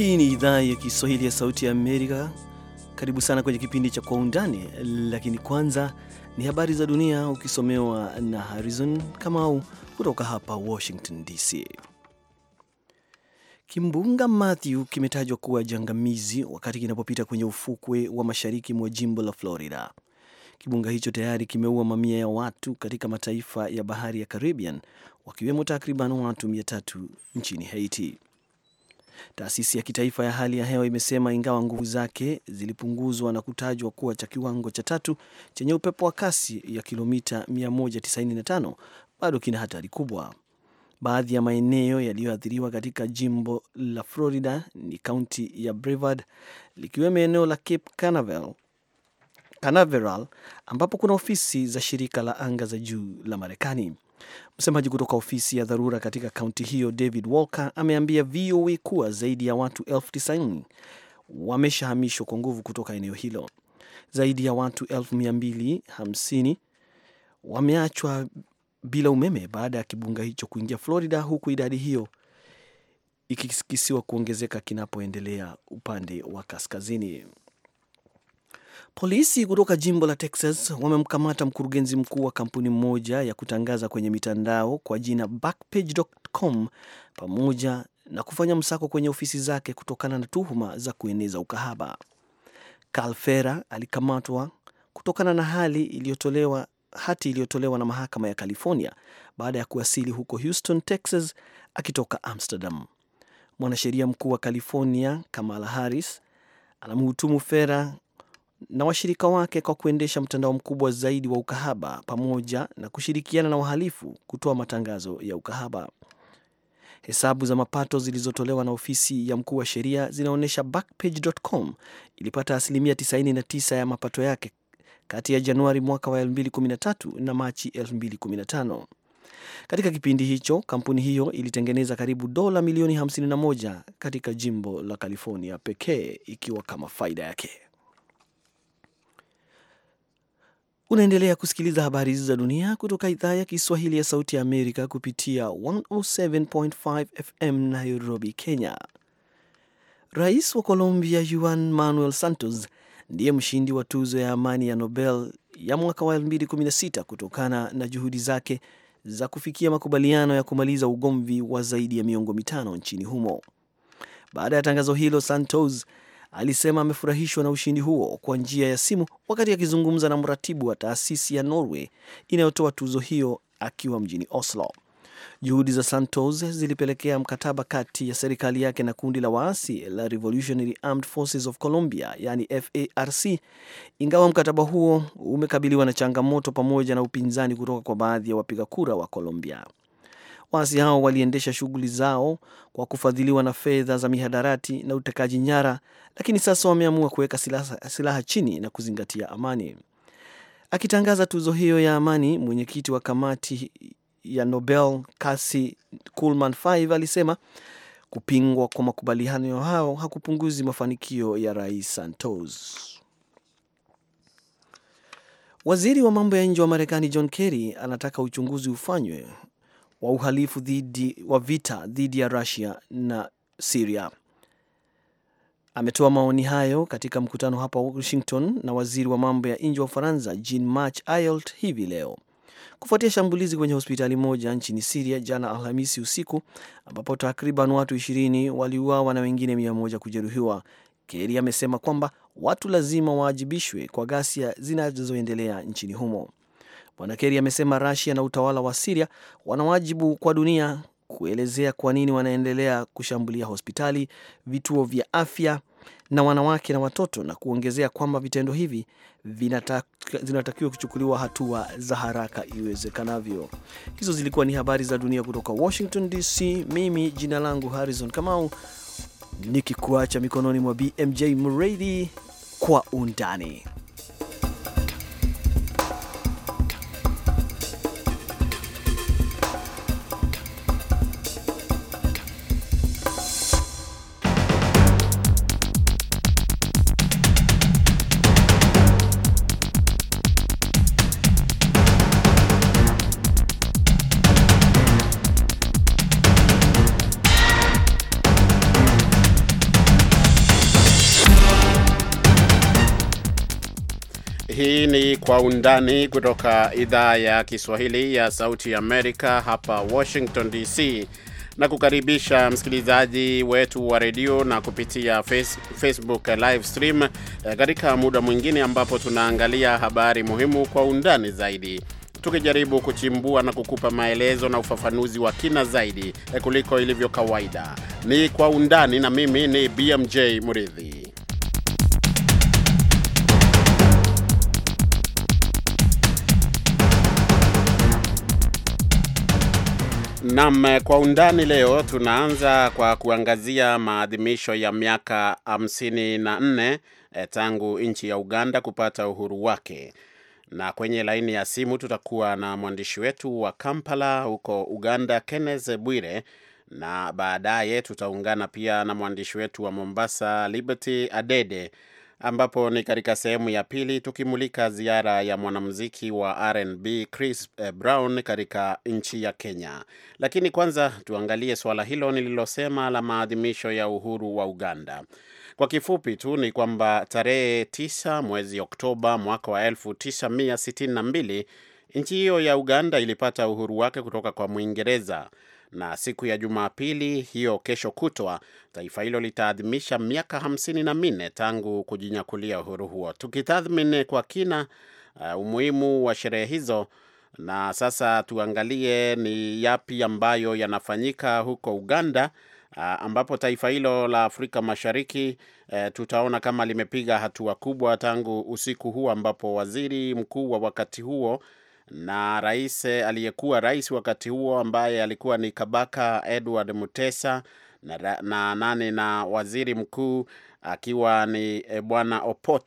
Hii ni idhaa ya Kiswahili ya Sauti ya Amerika. Karibu sana kwenye kipindi cha Kwa Undani, lakini kwanza ni habari za dunia ukisomewa na Harrison Kamau kutoka hapa Washington DC. Kimbunga Matthew kimetajwa kuwa jangamizi wakati kinapopita kwenye ufukwe wa mashariki mwa jimbo la Florida. Kimbunga hicho tayari kimeua mamia ya watu katika mataifa ya bahari ya Caribbean, wakiwemo takriban watu mia tatu nchini Haiti. Taasisi ya kitaifa ya hali ya hewa imesema ingawa nguvu zake zilipunguzwa na kutajwa kuwa cha kiwango cha tatu chenye upepo wa kasi ya kilomita 195 bado kina hatari kubwa. Baadhi ya maeneo yaliyoathiriwa katika jimbo la Florida ni kaunti ya Brevard, likiwemo eneo la Cape Canaveral, Canaveral ambapo kuna ofisi za shirika la anga za juu la Marekani. Msemaji kutoka ofisi ya dharura katika kaunti hiyo David Walker ameambia VOA kuwa zaidi ya watu elfu tisini wameshahamishwa kwa nguvu kutoka eneo hilo. Zaidi ya watu elfu mia mbili hamsini wameachwa bila umeme baada ya kibunga hicho kuingia Florida, huku idadi hiyo ikisikisiwa kuongezeka kinapoendelea upande wa kaskazini. Polisi kutoka jimbo la Texas wamemkamata mkurugenzi mkuu wa kampuni moja ya kutangaza kwenye mitandao kwa jina Backpage.com pamoja na kufanya msako kwenye ofisi zake kutokana na tuhuma za kueneza ukahaba. Karl Fera alikamatwa kutokana na hali iliyotolewa hati iliyotolewa na mahakama ya California baada ya kuwasili huko Houston, Texas akitoka Amsterdam. Mwanasheria mkuu wa California Kamala Harris anamhutumu Fera na washirika wake kwa kuendesha mtandao mkubwa zaidi wa ukahaba pamoja na kushirikiana na wahalifu kutoa matangazo ya ukahaba. Hesabu za mapato zilizotolewa na ofisi ya mkuu wa sheria zinaonyesha Backpage.com ilipata asilimia 99 ya mapato yake kati ya Januari mwaka wa 2013 na Machi 2015. Katika kipindi hicho kampuni hiyo ilitengeneza karibu dola milioni 51 katika jimbo la California pekee ikiwa kama faida yake. Unaendelea kusikiliza habari hizi za dunia kutoka idhaa ya Kiswahili ya Sauti ya Amerika kupitia 107.5 FM Nairobi, Kenya. Rais wa Colombia Juan Manuel Santos ndiye mshindi wa tuzo ya amani ya Nobel ya mwaka wa 2016 kutokana na juhudi zake za kufikia makubaliano ya kumaliza ugomvi wa zaidi ya miongo mitano nchini humo. Baada ya tangazo hilo, Santos alisema amefurahishwa na ushindi huo kwa njia ya simu wakati akizungumza na mratibu wa taasisi ya Norway inayotoa tuzo hiyo akiwa mjini Oslo. Juhudi za Santos zilipelekea mkataba kati ya serikali yake na kundi la waasi la Revolutionary Armed Forces of Colombia, yani FARC, ingawa mkataba huo umekabiliwa na changamoto pamoja na upinzani kutoka kwa baadhi ya wapiga kura wa Colombia. Waasi hao waliendesha shughuli zao kwa kufadhiliwa na fedha za mihadarati na utekaji nyara, lakini sasa wameamua kuweka silaha, silaha chini na kuzingatia amani. Akitangaza tuzo hiyo ya amani, mwenyekiti wa kamati ya Nobel Kasi Kulman Five alisema kupingwa kwa makubaliano hao hakupunguzi mafanikio ya rais Santos. Waziri wa mambo ya nje wa Marekani John Kerry anataka uchunguzi ufanywe wa uhalifu dhidi, wa vita dhidi ya Russia na Syria. Ametoa maoni hayo katika mkutano hapa Washington na waziri wa mambo ya nje wa Ufaransa Jean Marc Ayrault hivi leo kufuatia shambulizi kwenye hospitali moja nchini Siria jana Alhamisi usiku ambapo takriban watu ishirini waliuawa na wengine mia moja kujeruhiwa. Keri amesema kwamba watu lazima waajibishwe kwa ghasia zinazoendelea nchini humo. Bwana Kerry amesema Russia na utawala wa Siria wana wajibu kwa dunia kuelezea kwa nini wanaendelea kushambulia hospitali, vituo vya afya na wanawake na watoto, na kuongezea kwamba vitendo hivi vinatakiwa kuchukuliwa hatua za haraka iwezekanavyo. Hizo zilikuwa ni habari za dunia kutoka Washington DC. Mimi jina langu Harrison Kamau, nikikuacha mikononi mwa BMJ Muridi kwa undani. Kwa Undani kutoka idhaa ya Kiswahili ya Sauti ya Amerika hapa Washington DC, na kukaribisha msikilizaji wetu wa redio na kupitia face, Facebook live stream eh, katika muda mwingine ambapo tunaangalia habari muhimu kwa undani zaidi tukijaribu kuchimbua na kukupa maelezo na ufafanuzi wa kina zaidi eh, kuliko ilivyo kawaida. Ni Kwa Undani na mimi ni BMJ Muridhi. Nam kwa undani leo tunaanza kwa kuangazia maadhimisho ya miaka 54 na eh, tangu nchi ya Uganda kupata uhuru wake, na kwenye laini ya simu tutakuwa na mwandishi wetu wa Kampala huko Uganda, Kenneth Bwire, na baadaye tutaungana pia na mwandishi wetu wa Mombasa, Liberty Adede ambapo ni katika sehemu ya pili tukimulika ziara ya mwanamuziki wa RnB Chris eh, Brown katika nchi ya Kenya. Lakini kwanza tuangalie suala hilo nililosema la maadhimisho ya uhuru wa Uganda. Kwa kifupi tu ni kwamba tarehe 9 mwezi Oktoba mwaka wa 1962 nchi hiyo ya Uganda ilipata uhuru wake kutoka kwa Mwingereza na siku ya Jumapili hiyo kesho kutwa taifa hilo litaadhimisha miaka hamsini na minne tangu kujinyakulia uhuru huo. Tukitathmini kwa kina uh, umuhimu wa sherehe hizo, na sasa tuangalie ni yapi ambayo yanafanyika huko Uganda uh, ambapo taifa hilo la Afrika Mashariki uh, tutaona kama limepiga hatua kubwa tangu usiku huu ambapo waziri mkuu wa wakati huo na rais aliyekuwa rais wakati huo ambaye alikuwa ni Kabaka Edward Mutesa na, na na waziri mkuu akiwa ni e, bwana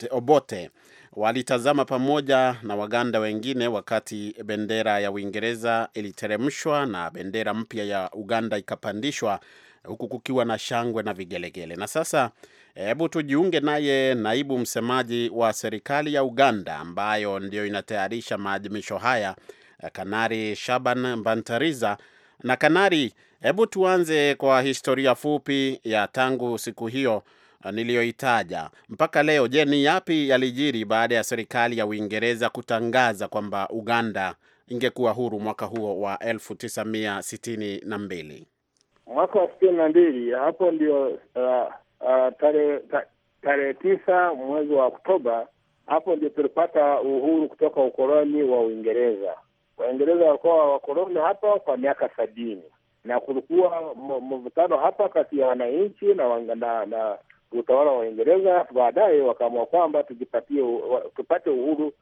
Obote walitazama pamoja na Waganda wengine wakati bendera ya Uingereza iliteremshwa na bendera mpya ya Uganda ikapandishwa huku kukiwa na shangwe na vigelegele. Na sasa Hebu tujiunge naye naibu msemaji wa serikali ya Uganda ambayo ndio inatayarisha maadhimisho haya, eh, Kanari Shaban Bantariza. Na Kanari, hebu tuanze kwa historia fupi ya tangu siku hiyo eh, niliyoitaja mpaka leo. Je, ni yapi yalijiri baada ya serikali ya Uingereza kutangaza kwamba Uganda ingekuwa huru mwaka huo wa elfu tisa mia sitini na mbili mwaka wa sitini na mbili hapo ndio uh, uh, ah, tarehe tisa mwezi wa Oktoba. Hapo ndio tulipata uhuru kutoka ukoloni wa Uingereza. Waingereza walikuwa wakoloni hapa kwa miaka sabini na kulikuwa mvutano hapa kati ya wananchi na, na, na utawala wa Uingereza. Baadaye wakaamua kwamba tujipatie tupate uhuru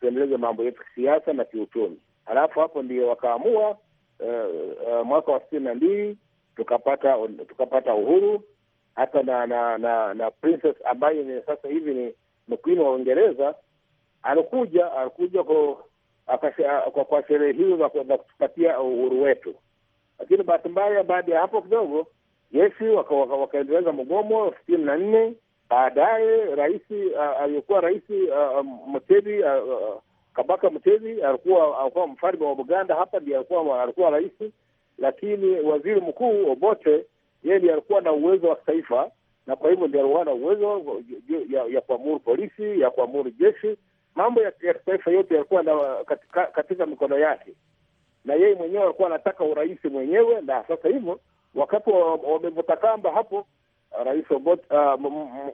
tuendeleze mambo yetu kisiasa na kiuchumi. Halafu hapo ndio wakaamua uh, uh, mwaka wa sitini na mbili tukapata tukapata uhuru hata na na na, na princess ambaye ni sasa hivi ni mkwini wa Uingereza alikuja alikuja kwa sherehe hizo za kutupatia uhuru wetu, lakini bahati mbaya, baada ya hapo kidogo jeshi wakaendeleza mgomo sitini na nne. Baadaye rais aliyekuwa rais Mtezi Kabaka Mtezi alikuwa alikuwa mfalme wa Buganda, hapa ndiye alikuwa alikuwa rais, lakini waziri mkuu Obote yeye ndiye alikuwa na uwezo wa kitaifa, na kwa hivyo ndiye alikuwa na uwezo ya, ya kuamuru polisi, ya kuamuru jeshi. Mambo ya kitaifa yote yalikuwa katika, katika mikono yake, na yeye mwenyewe alikuwa anataka urais mwenyewe. Na sasa hivyo wakati wamevuta kamba hapo, rais ah,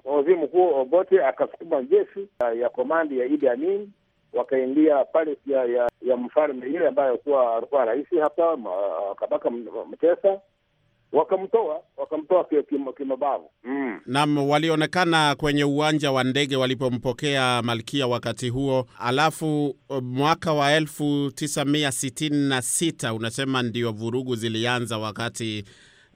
waziri mkuu Obote akasukuma jeshi ah, ya komandi ya Idi Amin wakaingia pale ya, ya, ya mfalme ile ambayo alikuwa rais hapa Kabaka Mtesa wakamtoa wakamtoa kimabavu mm. Naam, walionekana kwenye uwanja wa ndege walipompokea malkia wakati huo. Alafu mwaka wa elfu tisa mia sitini na sita unasema ndio vurugu zilianza wakati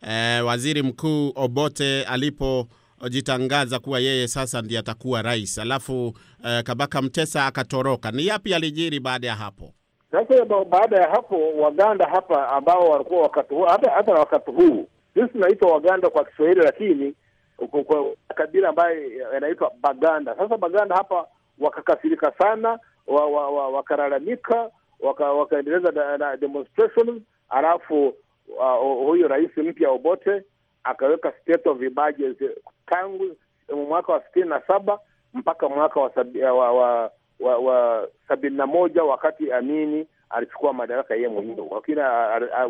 eh, waziri mkuu Obote alipojitangaza kuwa yeye sasa ndiye atakuwa rais, alafu uh, Kabaka Mtesa akatoroka. Ni yapi alijiri baada ya hapo? Sasa baada ya hapo Waganda hapa ambao walikuwa wakati huu hata hata wakati huu sisi tunaitwa Waganda kwa Kiswahili, lakini kwa kabila ambayo yanaitwa Baganda. Sasa Baganda hapa wakakasirika sana, wakalalamika, wakaendeleza na demonstrations, alafu huyu rais mpya Obote akaweka state of emergency tangu mwaka wa sitini na saba mpaka mwaka wa wa, wa sabini na moja wakati Amini alichukua madaraka yeye mwenyewe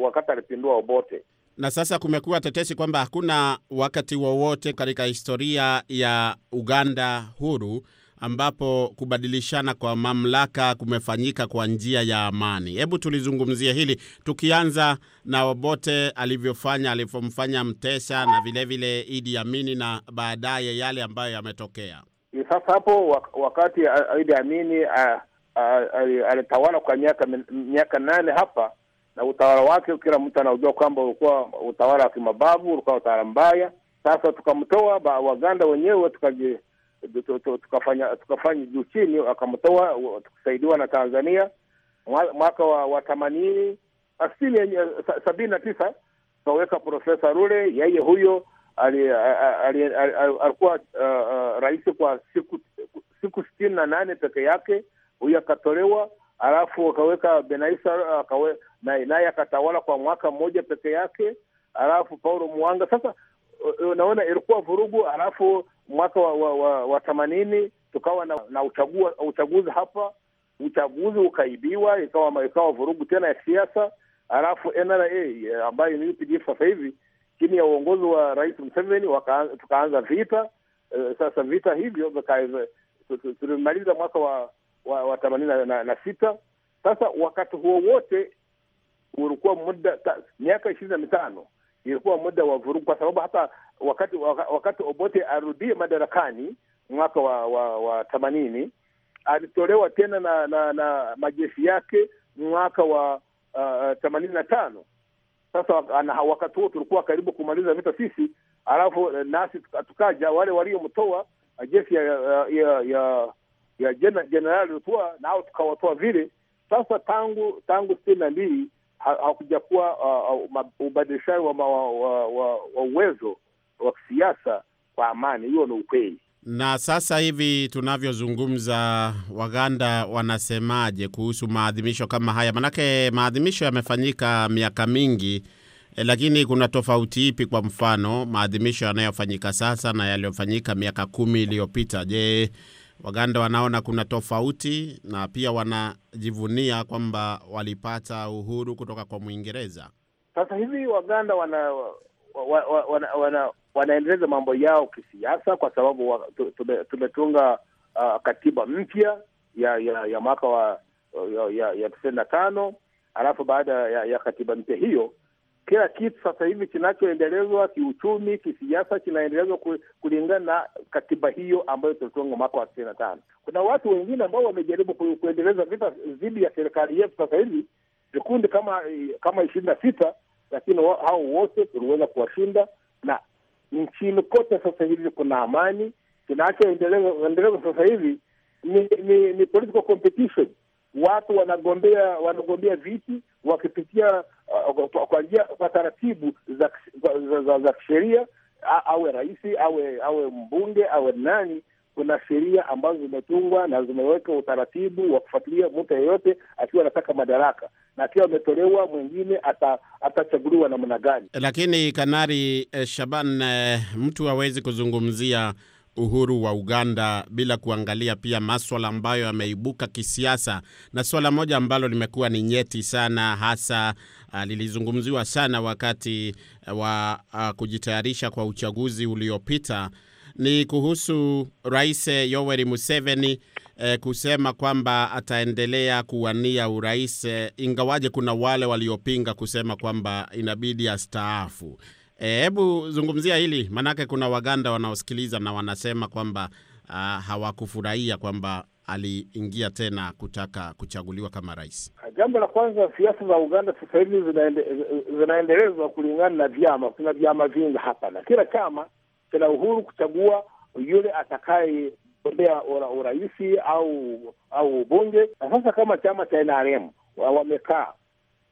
wakati alipindua Obote. Na sasa kumekuwa tetesi kwamba hakuna wakati wowote katika historia ya Uganda huru ambapo kubadilishana kwa mamlaka kumefanyika kwa njia ya amani. Hebu tulizungumzia hili tukianza na Obote alivyofanya, alivyomfanya Mtesa na vilevile Idi Amini na baadaye yale ambayo yametokea. Sasa hapo wakati Idi Amini alitawala kwa miaka miaka nane hapa, na utawala wake kila mtu anaujua kwamba ulikuwa utawala wa kimabavu, ulikuwa utawala mbaya. Sasa tukamtoa Waganda wenyewe tukafanya tukafanya juu chini, akamtoa tukisaidiwa na Tanzania mwaka wa themanini sabini na tisa tukaweka Profesa Rule, yeye huyo alikuwa uh, uh, rais kwa siku siku sitini na nane peke yake, huyu akatolewa, alafu akaweka Benaisa uh, naye akatawala kwa mwaka mmoja peke yake, alafu Paulo Mwanga. Sasa unaona ilikuwa vurugu, alafu mwaka wa themanini wa, wa, tukawa na, na uchagua, uchaguzi hapa, uchaguzi ukaibiwa, ikawa ikawa vurugu tena ya siasa, alafu NRA eh, ambayo ni UPDF sasa hivi chini ya uongozi wa Rais mseveni tukaanza vita uh, sasa vita hivyo tulimaliza mwaka wa wa, wa themanini na, na, na sita. Sasa wakati huo wote ulikuwa muda miaka ishirini na mitano ilikuwa muda wa vurugu, kwa sababu hata wakati wakati Obote arudie madarakani mwaka wa wa, wa themanini alitolewa tena na, na, na majeshi yake mwaka wa uh, themanini uh, na tano. Sasa wakati huo tulikuwa karibu kumaliza vita sisi, alafu eh, nasi tukaja wale waliomtoa eh, jeshi eh, ya ya ya ya jenerali na nao tukawatoa vile. Sasa tangu tangu sitini na mbili hakuja kuwa ubadilishaji wa uwezo wa kisiasa kwa amani. Hiyo ni ukweli. Na sasa hivi tunavyozungumza, Waganda wanasemaje kuhusu maadhimisho kama haya? Manake maadhimisho yamefanyika miaka mingi e, lakini kuna tofauti ipi, kwa mfano maadhimisho yanayofanyika sasa na yaliyofanyika miaka kumi iliyopita? Je, Waganda wanaona kuna tofauti na pia wanajivunia kwamba walipata uhuru kutoka kwa Mwingereza? Sasa hivi Waganda wana wa, wa, wana, wana, wanaendeleza mambo yao kisiasa, kwa sababu tumetunga uh, katiba mpya ya ya, ya mwaka wa ya, ya tisini na tano. Alafu baada ya, ya katiba mpya hiyo kila kitu sasa hivi kinachoendelezwa kiuchumi, kisiasa kinaendelezwa kulingana na katiba hiyo ambayo tulitunga mwaka wa tisini na tano. Kuna watu wengine ambao wamejaribu kuendeleza vita dhidi ya serikali yetu. Sasa hivi vikundi kama kama ishirini na sita lakini hao wote tuliweza kuwashinda, na nchini kote sasa hivi kuna amani. Kinachoendelea sasa hivi ni, ni, ni political competition. Watu wanagombea wanagombea viti wakipitia uh, kwa njia kwa taratibu za, za, za, za kisheria. Awe rais awe awe mbunge awe nani, kuna sheria ambazo zimetungwa na zimeweka utaratibu wa kufuatilia mtu yeyote akiwa anataka madaraka na pia ametolewa mwingine atachaguliwa namna gani. Lakini Kanari eh, Shaban, eh, mtu hawezi kuzungumzia uhuru wa Uganda bila kuangalia pia maswala ambayo yameibuka kisiasa, na swala moja ambalo limekuwa ni nyeti sana, hasa uh, lilizungumziwa sana wakati uh, wa uh, kujitayarisha kwa uchaguzi uliopita, ni kuhusu Rais eh, Yoweri Museveni eh, kusema kwamba ataendelea kuwania urais, eh, ingawaje kuna wale waliopinga kusema kwamba inabidi astaafu. Eh, hebu zungumzia hili maanake, kuna Waganda wanaosikiliza na wanasema kwamba uh, hawakufurahia kwamba aliingia tena kutaka kuchaguliwa kama rais. Jambo la kwanza, siasa za Uganda sasa hivi zinaende, zinaendelezwa kulingana na vyama. Kuna vyama vingi hapa na kila chama kina uhuru kuchagua yule atakaye kugombea urais au au ubunge. Na sasa kama chama cha NRM wamekaa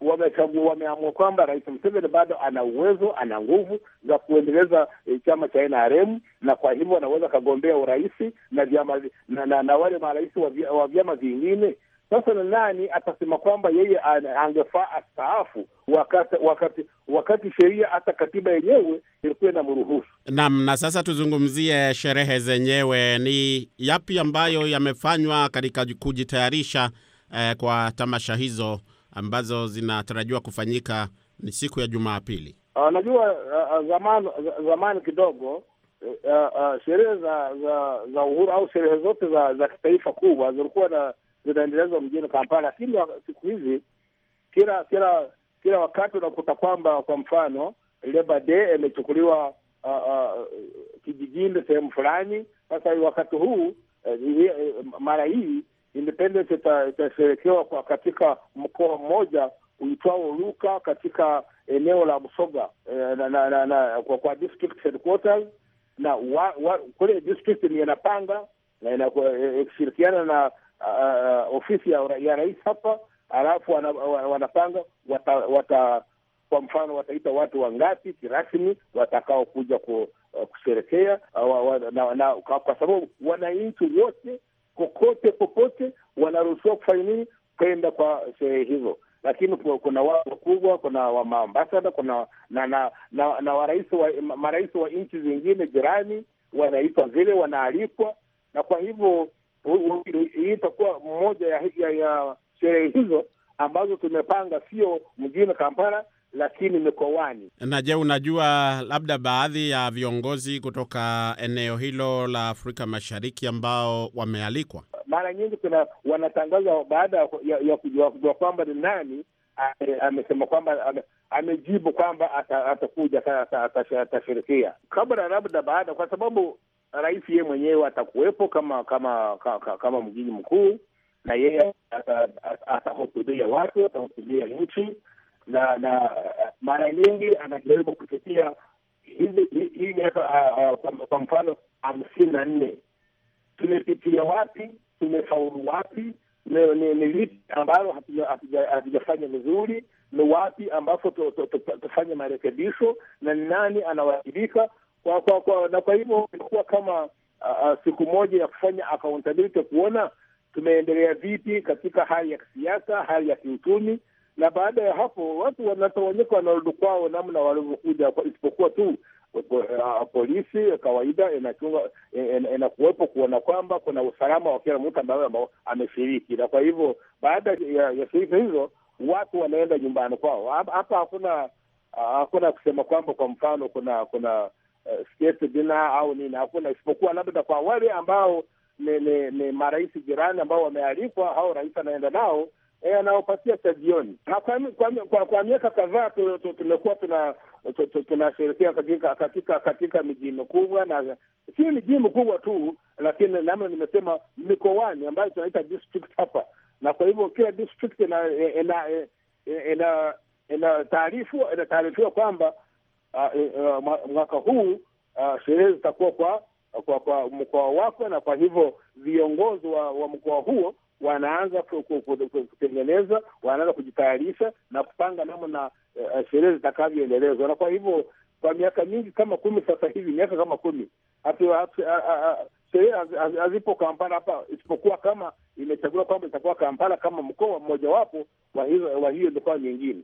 wamechagua wameamua kwamba Rais Museveni bado ana uwezo, ana nguvu za kuendeleza e, chama cha NRM na kwa hivyo anaweza akagombea urais na vyama na, na, na wale marais wa vyama vingine sasa na nani atasema kwamba yeye angefaa astaafu wakati wakati wakati sheria hata katiba yenyewe ilikuwa inamruhusu? Naam. Na sasa tuzungumzie sherehe zenyewe, ni yapi ambayo yamefanywa katika kujitayarisha eh, kwa tamasha hizo ambazo zinatarajiwa kufanyika ni siku ya Jumapili. Ah, najua uh, zamani zamani kidogo uh, uh, sherehe za, za za uhuru au sherehe zote za, za kitaifa kubwa zilikuwa na zinaendelezwa mjini Kampala, lakini siku hizi kila kila kila wakati unakuta kwamba kwa mfano Labor Day imechukuliwa uh, uh, kijijini sehemu fulani. Sasa wakati huu uh, mara hii independence itasherekewa ita katika mkoa mmoja uitwao Luka katika eneo la Busoga eh, na, na, na, na, kwa, kwa district headquarters na wa, wa, kule district ni yanapanga na eh, na, na uh, ofisi ya, ya rais hapa, alafu wanapanga wata, wata kwa mfano wataita watu wangapi kirasmi watakaokuja ku, uh, kusherekea uh, kwa sababu wananchi wote kokote popote wanaruhusiwa kufanya nini, kwenda kwa sherehe hizo. Lakini kuna watu wakubwa, kuna wamaambasada, kuna na na, na, na warais wa marais wa nchi zingine jirani wanaitwa vile, wanaalikwa na kwa hivyo hii itakuwa moja ya, ya, ya sherehe hizo ambazo tumepanga sio mjini Kampala lakini mikoani. Na je, unajua labda baadhi ya viongozi kutoka eneo hilo la Afrika Mashariki ambao wamealikwa? Mara nyingi tuna wanatangaza baada ya, ya kujua kwamba ni nani amesema kwamba amejibu kwamba atakuja atashirikia kabla labda baada, kwa sababu rais yeye mwenyewe atakuwepo kama kama kama, kama mjiji mkuu, na yeye atahutubia watu, atahutubia nchi, na na mara nyingi anajaribu kupitia hii miaka kwa mfano hamsini na nne tumepitia wapi, tumefaulu wapi, ni vipi ambalo hatujafanya vizuri, ni wapi ambapo tufanye marekebisho, na ni nani anawajibika kwa, kwa, kwa, na kwa hivyo ilikuwa kama uh, siku moja ya kufanya accountability, kuona tumeendelea vipi katika hali ya kisiasa, hali ya kiuchumi, na baada ya hapo watu wanatawanyika, wanarudi kwao namna walivyokuja, isipokuwa tu polisi kawaida e, e, inakuwepo kuona kwamba kuna usalama wa kila mtu ambaye ameshiriki. Na kwa hivyo baada ya, ya shirika hizo watu wanaenda nyumbani kwao. Hapa hakuna hakuna kusema kwamba kwa mfano kuna kuna uh, state au nini, hakuna, isipokuwa labda kwa wale ambao ni, ni, ni marais jirani ambao wamealikwa au rais anaenda nao eh, anaopatia cha jioni. Kwa miaka kadhaa tumekuwa tunashirikia katika katika katika miji mikubwa, na si miji mikubwa tu, lakini namna nimesema mikoani ambayo tunaita district hapa, na kwa hivyo kila district ina ina ina inataarifiwa kwamba uh, uh, mwaka huu uh, sherehe zitakuwa kwa kwa, kwa mkoa wake na kwa hivyo viongozi wa, wa mkoa huo wanaanza kutengeneza, wanaanza kujitayarisha na kupanga namna uh, sherehe zitakavyoendelezwa. Na kwa hivyo kwa miaka mingi kama kumi sasa hivi, miaka kama kumi sherehe hazipo Kampala hapa, isipokuwa kama imechagula kwamba itakuwa Kampala kama mkoa mmojawapo wa hiyo mikoa mingine.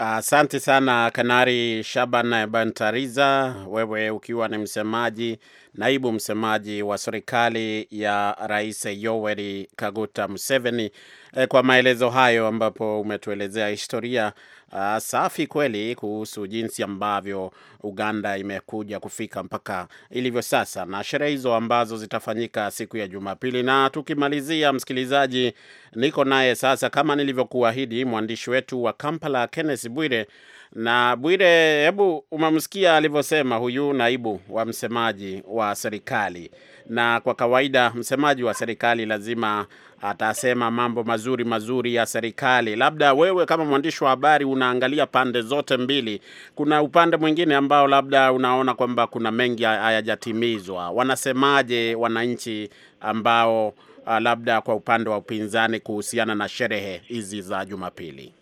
Asante uh, sana Kanari Shaban Bantariza, wewe ukiwa ni msemaji Naibu msemaji wa serikali ya Rais Yoweri Kaguta Museveni eh, kwa maelezo hayo, ambapo umetuelezea historia uh, safi kweli kuhusu jinsi ambavyo Uganda imekuja kufika mpaka ilivyo sasa na sherehe hizo ambazo zitafanyika siku ya Jumapili. Na tukimalizia, msikilizaji, niko naye sasa, kama nilivyokuahidi, mwandishi wetu wa Kampala Kenneth Bwire na Bwire, hebu umemsikia alivyosema huyu naibu wa msemaji wa serikali, na kwa kawaida msemaji wa serikali lazima atasema mambo mazuri mazuri ya serikali. Labda wewe kama mwandishi wa habari unaangalia pande zote mbili, kuna upande mwingine ambao labda unaona kwamba kuna mengi hayajatimizwa. Wanasemaje wananchi ambao ah, labda kwa upande wa upinzani kuhusiana na sherehe hizi za Jumapili?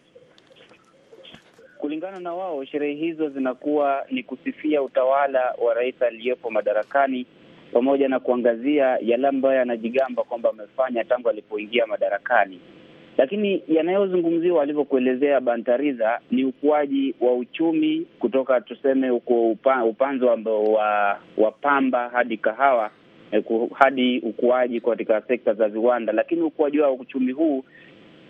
Kulingana na wao, sherehe hizo zinakuwa ni kusifia utawala wa rais aliyepo madarakani pamoja na kuangazia yale ambayo anajigamba kwamba amefanya tangu alipoingia madarakani. Lakini yanayozungumziwa alivyokuelezea Bantariza ni ukuaji wa uchumi kutoka tuseme uko upanzo ambao wa, wa pamba hadi kahawa eh, hadi ukuaji katika sekta za viwanda, lakini ukuaji wa uchumi huu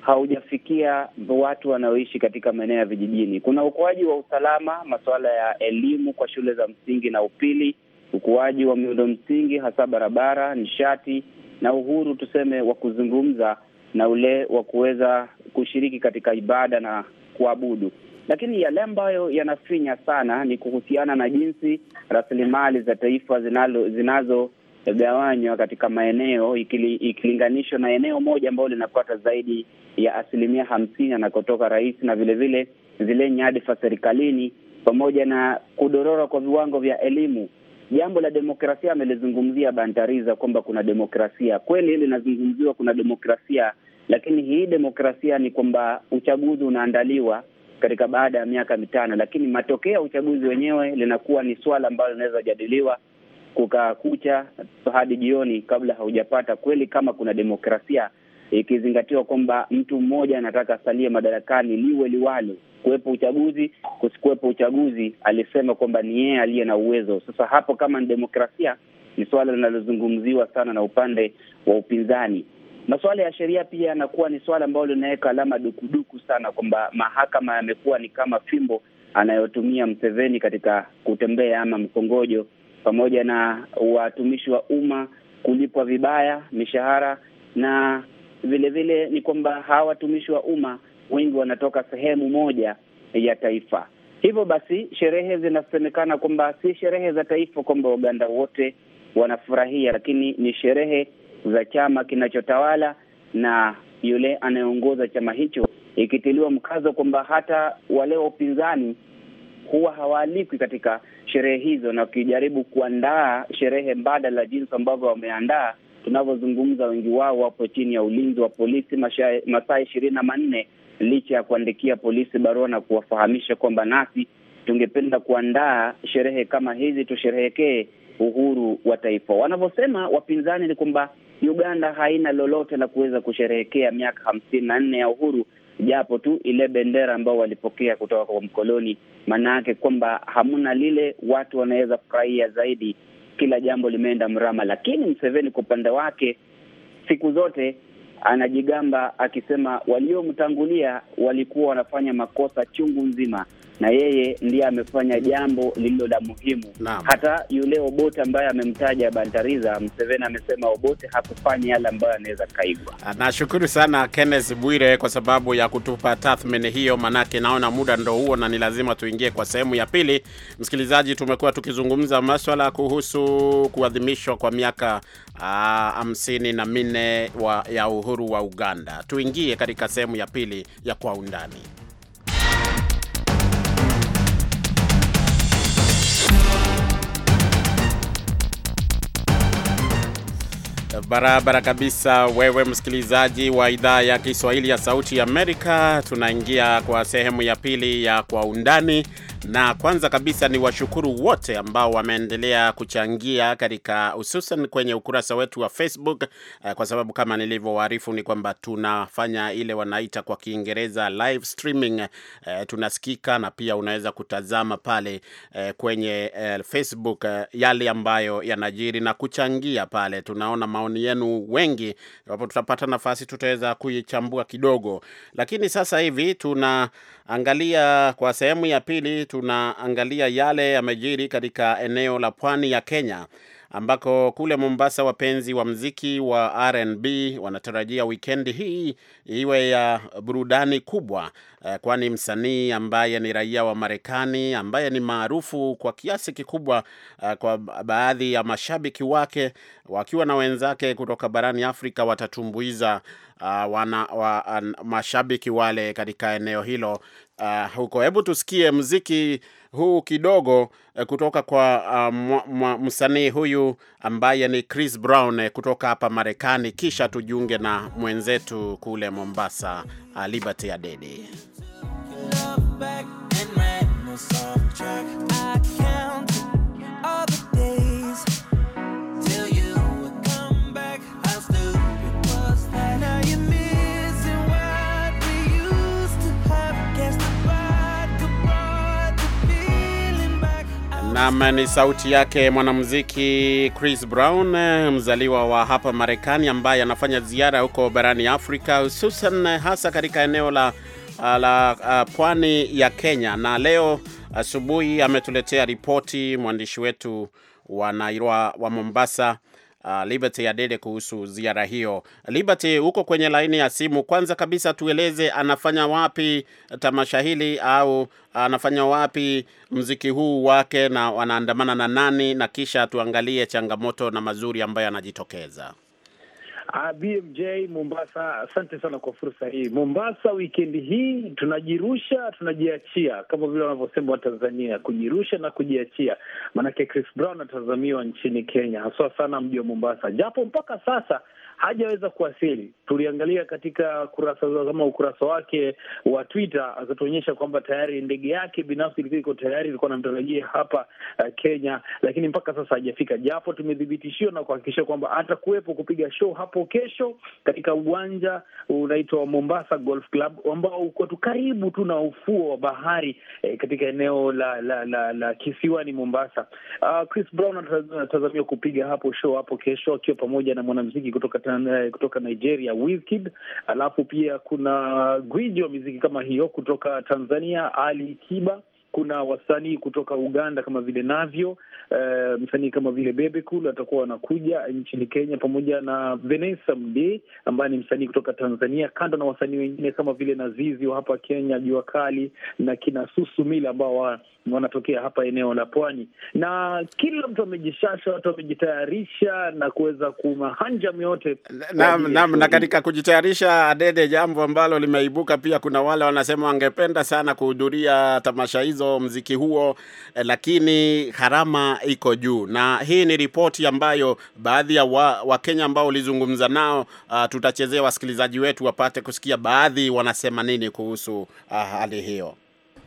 haujafikia watu wanaoishi katika maeneo ya vijijini. Kuna ukuaji wa usalama, masuala ya elimu kwa shule za msingi na upili, ukuaji wa miundo msingi, hasa barabara, nishati na uhuru tuseme wa kuzungumza na ule wa kuweza kushiriki katika ibada na kuabudu. Lakini yale ambayo yanafinya sana ni kuhusiana na jinsi rasilimali za taifa zinazo gawanywa katika maeneo ikili, ikilinganishwa na eneo moja ambayo linapata zaidi ya asilimia hamsini anakotoka rais na vilevile zile nyadifa serikalini pamoja na kudorora kwa viwango vya elimu. Jambo la demokrasia amelizungumzia Bantariza kwamba kuna demokrasia kweli, linazungumziwa kuna demokrasia, lakini hii demokrasia ni kwamba uchaguzi unaandaliwa katika baada ya miaka mitano, lakini matokeo ya uchaguzi wenyewe linakuwa ni swala ambalo linaweza jadiliwa kukaa kucha hadi jioni kabla haujapata kweli kama kuna demokrasia ikizingatiwa kwamba mtu mmoja anataka asalie madarakani liwe liwalo, kuwepo uchaguzi kusikuwepo uchaguzi, alisema kwamba ni yeye aliye na uwezo. Sasa hapo kama ni demokrasia, ni suala linalozungumziwa sana na upande wa upinzani. Masuala ya sheria pia yanakuwa ni suala ambalo linaweka alama dukuduku sana, kwamba mahakama yamekuwa ni kama fimbo anayotumia Mseveni katika kutembea ama mkongojo pamoja na watumishi wa umma kulipwa vibaya mishahara, na vile vile ni kwamba hawa watumishi wa umma wengi wanatoka sehemu moja ya taifa. Hivyo basi sherehe zinasemekana kwamba si sherehe za taifa, kwamba Waganda wote wanafurahia, lakini ni sherehe za chama kinachotawala na yule anayeongoza chama hicho, ikitiliwa mkazo kwamba hata wale wa upinzani huwa hawaalikwi katika sherehe hizo na wakijaribu kuandaa sherehe mbadala jinsi ambavyo wameandaa tunavyozungumza wengi wao wapo chini ya ulinzi wa polisi masaa ishirini na manne licha ya kuandikia polisi barua na kuwafahamisha kwamba nasi tungependa kuandaa sherehe kama hizi tusherehekee uhuru wa taifa. Wanavyosema wapinzani ni kwamba Uganda haina lolote la kuweza kusherehekea miaka hamsini na nne ya uhuru, japo tu ile bendera ambao walipokea kutoka kwa mkoloni, maana yake kwamba hamna lile watu wanaweza furahia zaidi, kila jambo limeenda mrama. Lakini Mseveni kwa upande wake siku zote anajigamba akisema waliomtangulia walikuwa wanafanya makosa chungu nzima, na yeye ndiye amefanya jambo lililo la muhimu. Hata yule Obote ambaye amemtaja Bantariza, Mseveni amesema Obote hakufanya yale ambayo anaweza kaigwa. Ah, nashukuru sana Kenneth Bwire kwa sababu ya kutupa tathmini hiyo, manake naona muda ndo huo na ni lazima tuingie kwa sehemu ya pili. Msikilizaji, tumekuwa tukizungumza maswala kuhusu kuadhimishwa kwa miaka ah, hamsini na minne ya uhuru wa Uganda. Tuingie katika sehemu ya pili ya kwa undani. Barabara kabisa, wewe msikilizaji wa idhaa ya Kiswahili ya Sauti ya Amerika. Tunaingia kwa sehemu ya pili ya Kwa Undani na kwanza kabisa ni washukuru wote ambao wameendelea kuchangia katika hususan kwenye ukurasa wetu wa Facebook, eh, kwa sababu kama nilivyowaarifu ni kwamba tunafanya ile wanaita kwa Kiingereza live streaming. Eh, tunasikika na pia unaweza kutazama pale eh, kwenye Facebook yale ambayo yanajiri na kuchangia pale. Tunaona maoni yenu wengi, iwapo tutapata nafasi tutaweza kuichambua kidogo, lakini sasa hivi tunaangalia kwa sehemu ya pili tunaangalia yale yamejiri katika eneo la pwani ya Kenya ambako kule Mombasa wapenzi wa mziki wa RnB wanatarajia wikendi hii iwe ya burudani kubwa, eh, kwani msanii ambaye ni raia wa Marekani ambaye ni maarufu kwa kiasi kikubwa eh, kwa baadhi ya mashabiki wake wakiwa na wenzake kutoka barani Afrika watatumbuiza ah, wana, wa, an, mashabiki wale katika eneo hilo uh, huko. Hebu tusikie mziki huu kidogo uh, kutoka kwa uh, msanii huyu ambaye ni Chris Brown eh, kutoka hapa Marekani, kisha tujiunge na mwenzetu kule Mombasa, uh, Liberty Adede. Nam ni sauti yake mwanamuziki Chris Brown, mzaliwa wa hapa Marekani, ambaye anafanya ziara huko barani Afrika, hususan hasa katika eneo la, uh, la la uh, pwani ya Kenya. Na leo asubuhi ametuletea ripoti mwandishi wetu wa Nairobi wa Mombasa uh, Liberty Adede kuhusu ziara hiyo. Liberty, huko kwenye laini ya simu, kwanza kabisa tueleze anafanya wapi tamasha hili au anafanya wapi mziki huu wake na wanaandamana na nani, na kisha tuangalie changamoto na mazuri ambayo anajitokeza. Uh, ah, BMJ Mombasa, asante sana kwa fursa hii. Mombasa wikendi hii tunajirusha, tunajiachia kama vile wanavyosema Watanzania, kujirusha na kujiachia. Maanake Chris Brown atazamiwa nchini Kenya, haswa sana mji wa Mombasa, japo mpaka sasa hajaweza kuwasili. Tuliangalia katika kurasa kama ukurasa wake wa Twitter, akatuonyesha kwamba tayari ndege yake binafsi ilikuwa iko tayari, ilikuwa namtarajia hapa uh, Kenya, lakini mpaka sasa hajafika, japo tumethibitishiwa na kuhakikisha kwamba atakuwepo kupiga show hapa hapo kesho katika uwanja unaitwa Mombasa Golf Club ambao uko tu karibu tu na ufuo wa bahari eh, katika eneo la la, la, la kisiwani Mombasa. Uh, Chris Brown anatazamia kupiga hapo show hapo kesho akiwa pamoja na mwanamziki kutoka tana, eh, kutoka Nigeria Wizkid, alafu pia kuna gwiji wa miziki kama hiyo kutoka Tanzania Ali Kiba kuna wasanii kutoka Uganda kama vile Navyo, e, eh, msanii kama vile Bebekul atakuwa wanakuja nchini Kenya, pamoja na Venesa Mdee ambaye ni msanii kutoka Tanzania, kando na wasanii wengine kama vile Nazizi wa hapa Kenya, Jua Kali na kina Mila ambao wanatokea hapa eneo la Pwani, na kila mtu amejishasha, watu wamejitayarisha na kuweza kumahanja yote. Naam, naam. Na katika kujitayarisha, Adede, jambo ambalo limeibuka pia, kuna wale wanasema wangependa sana kuhudhuria tamasha hizo hizo mziki huo, eh, lakini gharama iko juu, na hii ni ripoti ambayo baadhi ya Wakenya wa ambao ulizungumza nao, uh, tutachezea wasikilizaji wetu wapate kusikia baadhi wanasema nini kuhusu uh, hali hiyo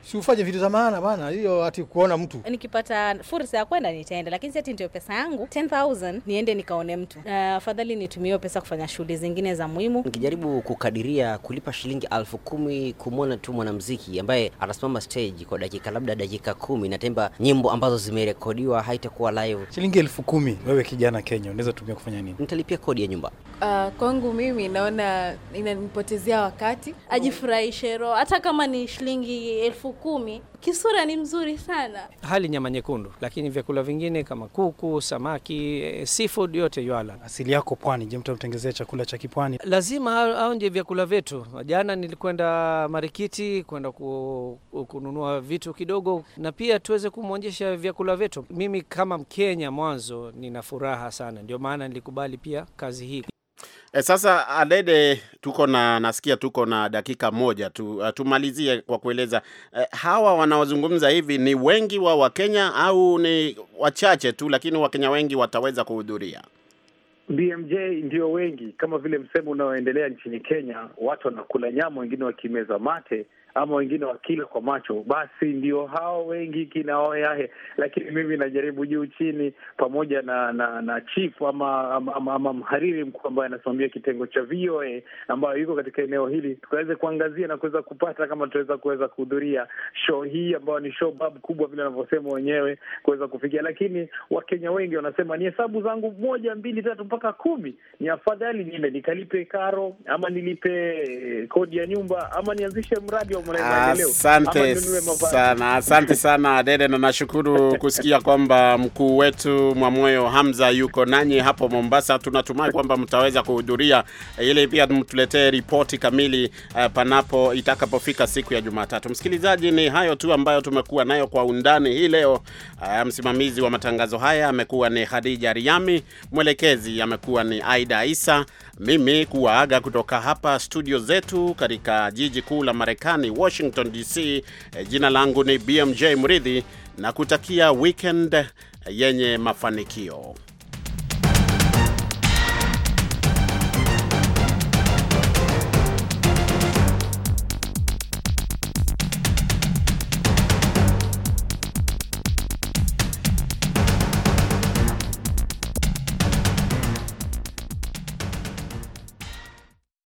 si ufanye vitu za maana bana, hiyo ati kuona mtu. Nikipata fursa ya kwenda nitaenda, lakini sati ndio pesa yangu 10000 niende nikaone mtu. Uh, afadhali uh, nitumie pesa kufanya shughuli zingine za muhimu. Nikijaribu kukadiria kulipa shilingi elfu kumi kumwona tu mwanamuziki ambaye anasimama stage kwa dakika labda dakika kumi na temba nyimbo ambazo zimerekodiwa, haitakuwa live. Shilingi elfu kumi wewe kijana Kenya unaweza tumia kufanya nini? Nitalipia kodi ya nyumba. Uh, kwangu mimi naona inanipotezea wakati, ajifurahishe roho, hata kama ni shilingi elfu elfu kumi. Kisura ni mzuri sana, hali nyama nyekundu, lakini vyakula vingine kama kuku, samaki, eh, seafood yote yuala. Asili yako pwani, je, mtamtengezea chakula cha kipwani? Lazima aonje vyakula vyetu. Jana nilikwenda marikiti kwenda ku, kununua vitu kidogo, na pia tuweze kumwonyesha vyakula vyetu. Mimi kama Mkenya mwanzo nina furaha sana, ndio maana nilikubali pia kazi hii. E, sasa Adede, tuko na nasikia tuko na dakika moja tu, uh, tumalizie kwa kueleza e, hawa wanaozungumza hivi ni wengi wa Wakenya au ni wachache tu, lakini Wakenya wengi wataweza kuhudhuria? BMJ ndio wengi, kama vile msemo unaoendelea nchini Kenya, watu wanakula nyama, wengine wakimeza mate ama wengine wakila kwa macho, basi ndio hao wengi kinaoyahe. Lakini mimi najaribu juu chini, pamoja na na, na chief ama, ama, ama, ama mhariri mkuu ambaye anasimamia kitengo cha VOA ambayo yuko katika eneo hili, tukaweze kuangazia na kuweza kupata kama tutaweza kuweza kuhudhuria show hii ambayo ni show bab kubwa vile wanavyosema wenyewe kuweza kufikia. Lakini Wakenya wengi wanasema ni hesabu zangu moja mbili tatu mpaka kumi, ni afadhali nime nikalipe karo ama nilipe kodi ya nyumba ama nianzishe mradi wa Asante sana, asante sana Dede, na nashukuru kusikia kwamba mkuu wetu Mwamoyo Hamza yuko nanyi hapo Mombasa. Tunatumai kwamba mtaweza kuhudhuria ili pia mtuletee ripoti kamili uh, panapo itakapofika siku ya Jumatatu. Msikilizaji, ni hayo tu ambayo tumekuwa nayo kwa undani hii leo. Uh, msimamizi wa matangazo haya amekuwa ni hadija Riami, mwelekezi amekuwa ni Aida Isa mimi kuwaaga kutoka hapa studio zetu katika jiji kuu la Marekani, Washington DC. Eh, jina langu ni BMJ Mridhi na kutakia weekend yenye mafanikio.